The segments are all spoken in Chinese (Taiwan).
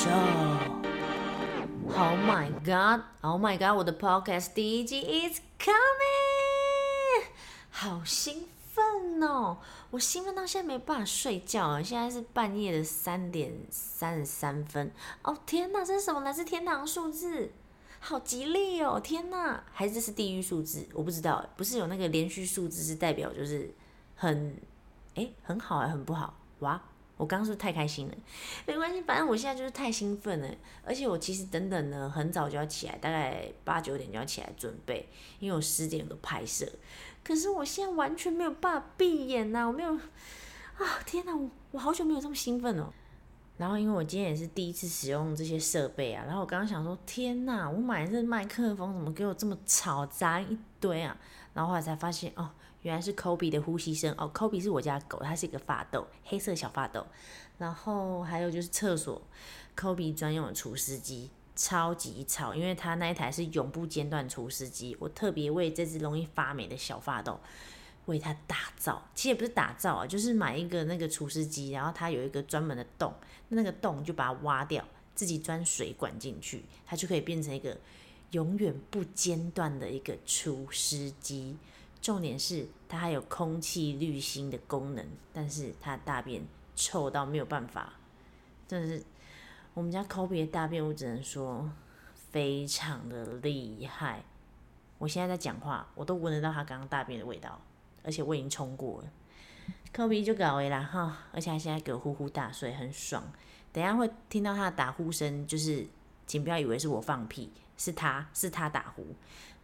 So, oh my God! Oh my God! 我的 podcast 第一集 is coming! 好興奮哦！我興奮到現在沒辦法睡覺啊！現在是半夜的三點三十三分。哦、oh, 天哪，這是什麼呢？那是天堂數字，好吉利哦！天哪，還是這是地獄數字？我不知道、欸，不是有那個連續數字是代表就是很哎、欸、很好還、欸、很不好？哇！我剛剛是太開心了，沒關係，反正我現在就是太興奮了，而且我其實等等呢，很早就要起來，大概八九點就要起來準備，因為我十點有拍攝，可是我現在完全沒有辦法閉眼吶，啊，我沒有，啊天吶，我好久沒有這麼興奮哦，然後因為我今天也是第一次使用這些設備啊，然後我剛剛想說，天吶，我買這麥克風怎麼給我這麼吵雜一堆啊，然後後來才發現哦。原來是 Kobe 的呼吸聲哦 Kobe 是我家狗，它是一個法鬥，黑色小法鬥，然後還有就是廁所 Kobe 專用的除濕機，超級吵，因為它那一台是永不間斷除濕機。我特別為這只容易發霉的小法鬥，為它打造，其實也不是打造啊，就是買一個那個除濕機，然後它有一個專門的洞，那個洞就把它挖掉，自己鑽水管進去，它就可以變成一個永遠不間斷的一個除濕機。重點是它還有空氣濾芯的功能，但是它大便臭到沒有辦法。真的是，我們家 Kobe 的大便，我只能說非常的厲害。我現在在講話，我都聞得到他剛剛大便的味道，而且我已經沖過了。Kobe 就搞回來哈，而且他現在擱呼呼大睡，所以很爽。等一下會聽到他的打呼聲，就是。請不要以為是我放屁，是他是他打呼，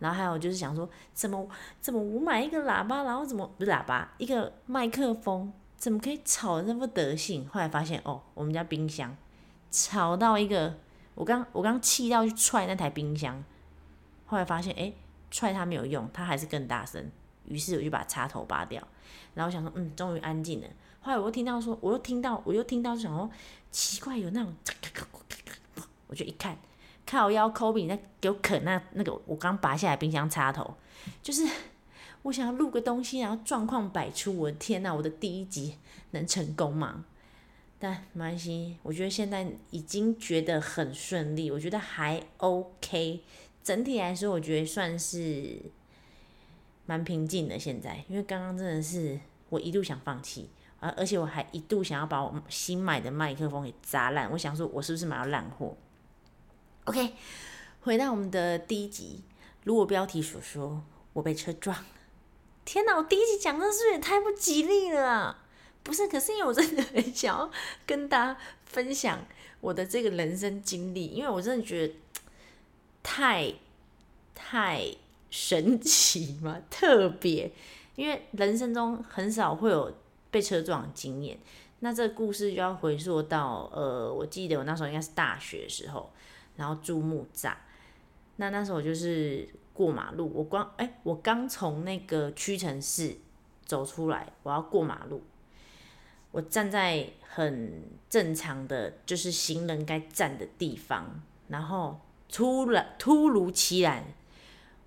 然後還有就是想說，怎麼怎麼我買一個喇叭，然後怎麼不是喇叭，一個麥克風，怎麼可以吵得那副德性？後來發現哦，我們家冰箱吵到一個，我剛我剛氣到去踹那台冰箱，後來發現哎踹它沒有用，它還是更大聲，於是我就把插頭拔掉，然後想說嗯終於安靜了，後來我又聽到說我又聽到我又聽到這種哦奇怪有那種。我就一看，靠腰摳比那給我啃那那個我剛拔下來冰箱插頭，就是我想要錄個東西，然後狀況百出，我的天吶、啊，我的第一集能成功嗎？但沒關係，我覺得現在已經覺得很順利，我覺得還 OK，整體來說我覺得算是蠻平靜的。現在因為剛剛真的是我一度想放棄，而、啊、而且我還一度想要把我新買的麥克風給砸爛，我想說，我是不是買到爛貨？OK，回到我們的第一集，如我標題所說，我被車撞了。天哪！我第一集講的是不是也太不吉利了啊。不是，可是因為我真的很想要跟大家分享我的這個人生經歷，因為我真的覺得太太神奇嘛，特別，因為人生中很少會有被車撞的經驗。那這故事就要回溯到，呃，我記得我那時候應該是大學的時候。然後住木柵，那那時候我就是過馬路，我剛哎、欸，我剛從那個屈臣氏走出來，我要過馬路，我站在很正常的就是行人該站的地方，然後突然突如其來，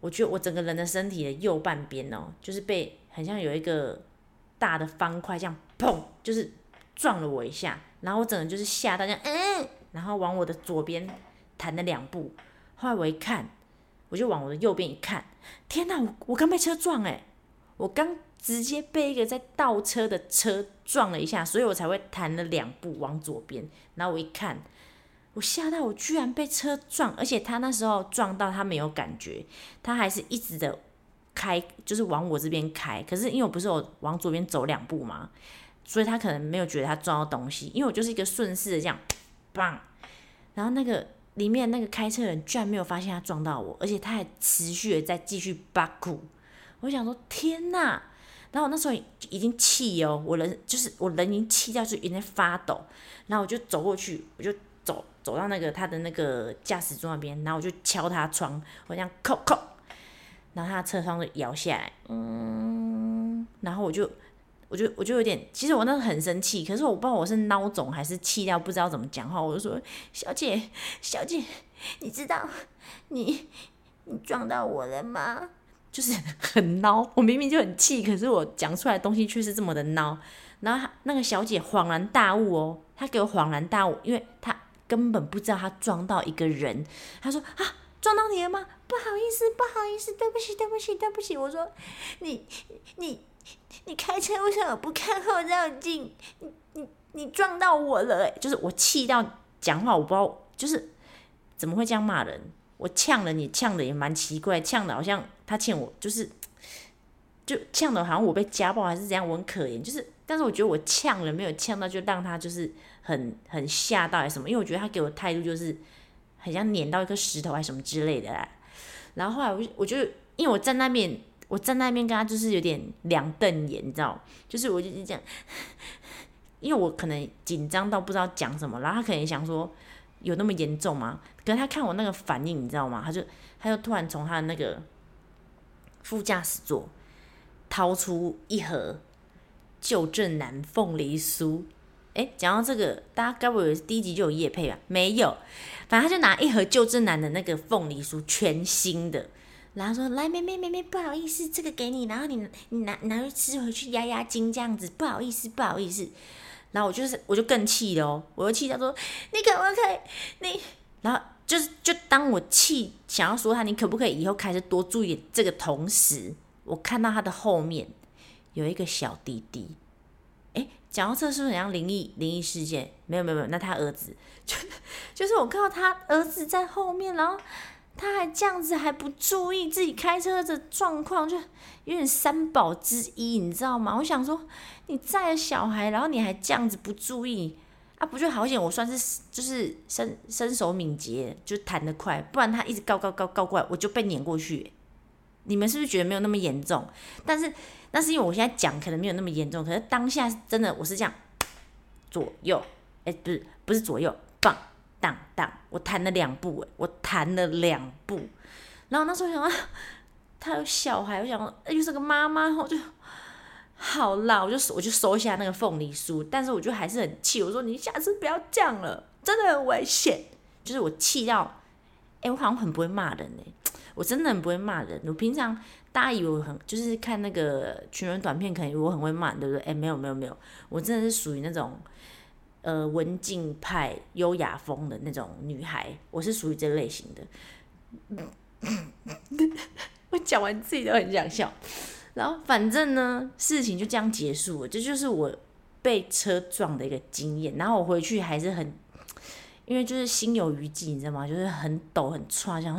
我覺得我整個人的身體的右半邊哦，就是被很像有一個大的方塊這樣砰，就是撞了我一下，然後我整個就是嚇到這樣，嗯，然後往我的左邊。彈了兩步，後來我一看，我就往我的右邊一看，天哪！我，我剛被車撞誒，我剛直接被一個在倒車的車撞了一下，所以我才會彈了兩步往左邊。然後我一看，我嚇到我居然被車撞，而且他那時候撞到他沒有感覺，他還是一直的開，就是往我這邊開。可是因為我不是有往左邊走兩步嘛，所以他可能沒有覺得他撞到東西，因為我就是一個順勢的這樣，砰！然後那個。裡面那個開車人居然沒有發現他撞到我，而且他還持續的在繼續扒骨。我想說天哪！然後我那時候已經氣哦，我人就是我人已經氣到就是已經發抖。然後我就走過去，我就走走到那個他的那個駕駛座那邊，然後我就敲他窗，我這樣叩叩，然後他車窗就搖下來，嗯，然後我就。我就我就有點，其實我那時候很生氣，可是我不知道我是孬種還是氣到不知道怎麼講話。我就說：“小姐，小姐，你知道你你撞到我了嗎？”就是很孬，我明明就很氣，可是我講出來的東西卻是這麼的孬。然後那個小姐恍然大悟哦，她給我恍然大悟，因為她根本不知道她撞到一個人。她說：“啊，撞到你了嗎？不好意思，不好意思，對不起，對不起，對不起。”我說：“你你。”你開車為什麼不看後照鏡？你、你、你撞到我了。欸、就是我氣到講話，我不知道就是怎麼會這樣罵人。我嗆了你，嗆的也蠻奇怪，嗆的好像他欠我，就是就嗆的好像我被家暴還是怎樣，我很可憐。就是，但是我覺得我嗆了沒有嗆到，就讓他就是很很嚇到還是什麼，因為我覺得他給我態度就是很像碾到一顆石頭還是什麼之類的。然後後來我就我就因為我在那邊。我站在那邊跟他就是有點兩瞪眼，你知道？就是我就是這樣，因為我可能緊張到不知道講什麼，然後他可能想說有那麼嚴重嗎？可是他看我那個反應，你知道嗎？他就他就突然從他的那個副駕駛座掏出一盒舊振南鳳梨酥、欸，誒，講到這個，大家該不會第一集就有業配吧？沒有，反正他就拿一盒舊振南的那個鳳梨酥，全新的。然後說，來，妹妹，妹妹，不好意思，這個給你，然後你你拿你拿，拿去吃，回去壓壓驚這樣子，不好意思，不好意思。然後我就是，我就更氣嘍、哦，我就氣到說，你可不可以，你，然後就是，就當我氣想要說他，你可不可以以後開始多注意這個，同時，我看到他的後面有一個小弟弟，誒，講到這是不是很像靈異靈異事件？沒有沒有沒有，那他兒子，就就是我看到他兒子在後面，然後。他還這樣子還不注意自己開車的狀況，就有點三寶之一，你知道嗎？我想說，你載小孩，然後你還這樣子不注意，啊，不就好險？我算是就是身身手敏捷，就彈得快，不然他一直高高高高高過來，我就被碾過去，欸。你們是不是覺得沒有那麼嚴重？但是那是因為我現在講可能沒有那麼嚴重，可是當下真的我是這樣，左右，哎、欸，不是不是左右，放。蕩蕩，我彈了兩步，哎，我彈了兩步，然後那時候想啊，他有小孩，我想又是個媽媽，我就，好啦，我就我就收下那個鳳梨酥，但是我就還是很氣，我說你下次不要這樣了，真的很危險，就是我氣到，哎，我好像很不會罵人呢，我真的很不會罵人，我平常大家以為我很就是看那個群文短片，可能我很會罵，對不對？哎，沒有沒有沒有，我真的是屬於那種。呃，文靜派、優雅風的那種女孩，我是屬於這類型的。 我講完自己都很想笑，然後反正呢，事情就這樣結束了，這就是我被車撞的一個經驗。然後我回去還是很，因為就是心有餘悸，你知道嗎？就是很抖、很喘，想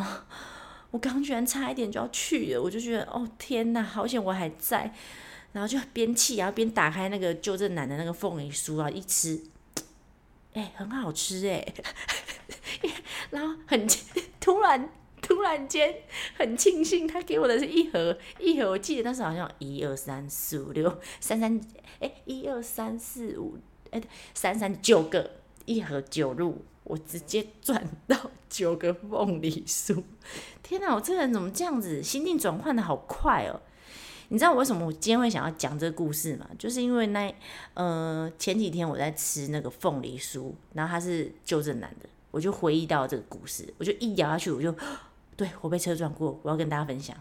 我剛居然差一點就要去了，我就覺得哦天哪，好險我還在。然後就邊氣啊，然後邊打開那個舊振南的那個鳳梨酥啊，一吃。哎、欸，很好吃哎、欸！ 然後很突然，突然間很慶幸，他給我的是一盒一盒，一盒我記得當時好像一二三四五六三三哎一二三四五哎三三九個一盒九入。我直接轉到九個鳳梨酥！天吶，我這個人怎麼這樣子？心境轉換的好快哦、喔！你知道我為什麼我今天會想要講這個故事嗎？就是因為那呃前幾天我在吃那個鳳梨酥，然後它是舊振南的，我就回憶到這個故事，我就一咬下去，我就對，我被車撞過，我要跟大家分享。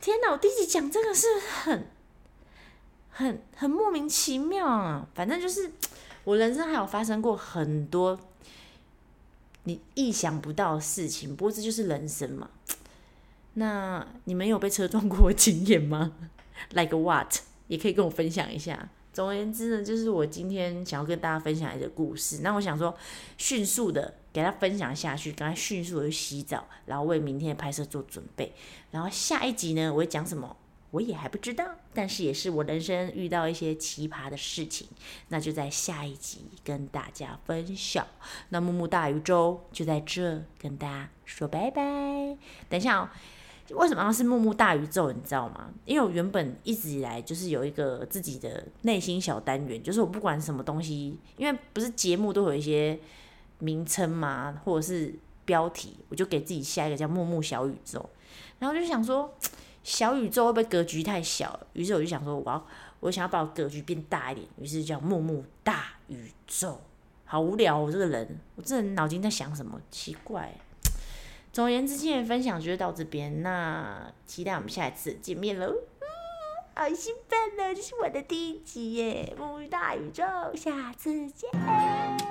天哪，我第一次講這個是不是很很很莫名其妙啊？反正就是我人生還有發生過很多你意想不到的事情，不過這就是人生嘛。那你們有被車撞過的經驗嗎？Like what？也可以跟我分享一下。總而言之呢，就是我今天想要跟大家分享一個故事。那我想說，迅速的給他分享下去，趕快迅速的去洗澡，然後為明天的拍攝做準備。然後下一集呢，我會講什麼？我也還不知道。但是也是我人生遇到一些奇葩的事情，那就在下一集跟大家分享。那木木大宇宙就在這跟大家說拜拜。等一下哦。為什麼是木木大宇宙？你知道嗎？因為我原本一直以來就是有一個自己的內心小單元，就是我不管什麼東西，因為不是節目都有一些名稱嘛，或者是標題，我就給自己下一個叫木木小宇宙。然後我就想說，小宇宙會不會格局太小？於是我就想說，我要我想要把我格局變大一點，於是叫木木大宇宙。好無聊哦，我這個人，我這腦筋在想什麼？奇怪。總言之，今天的分享就到這邊，那期待我們下一次見面嘍！ 好興奮哦，這是我的第一集耶，木遇大宇宙，下次見。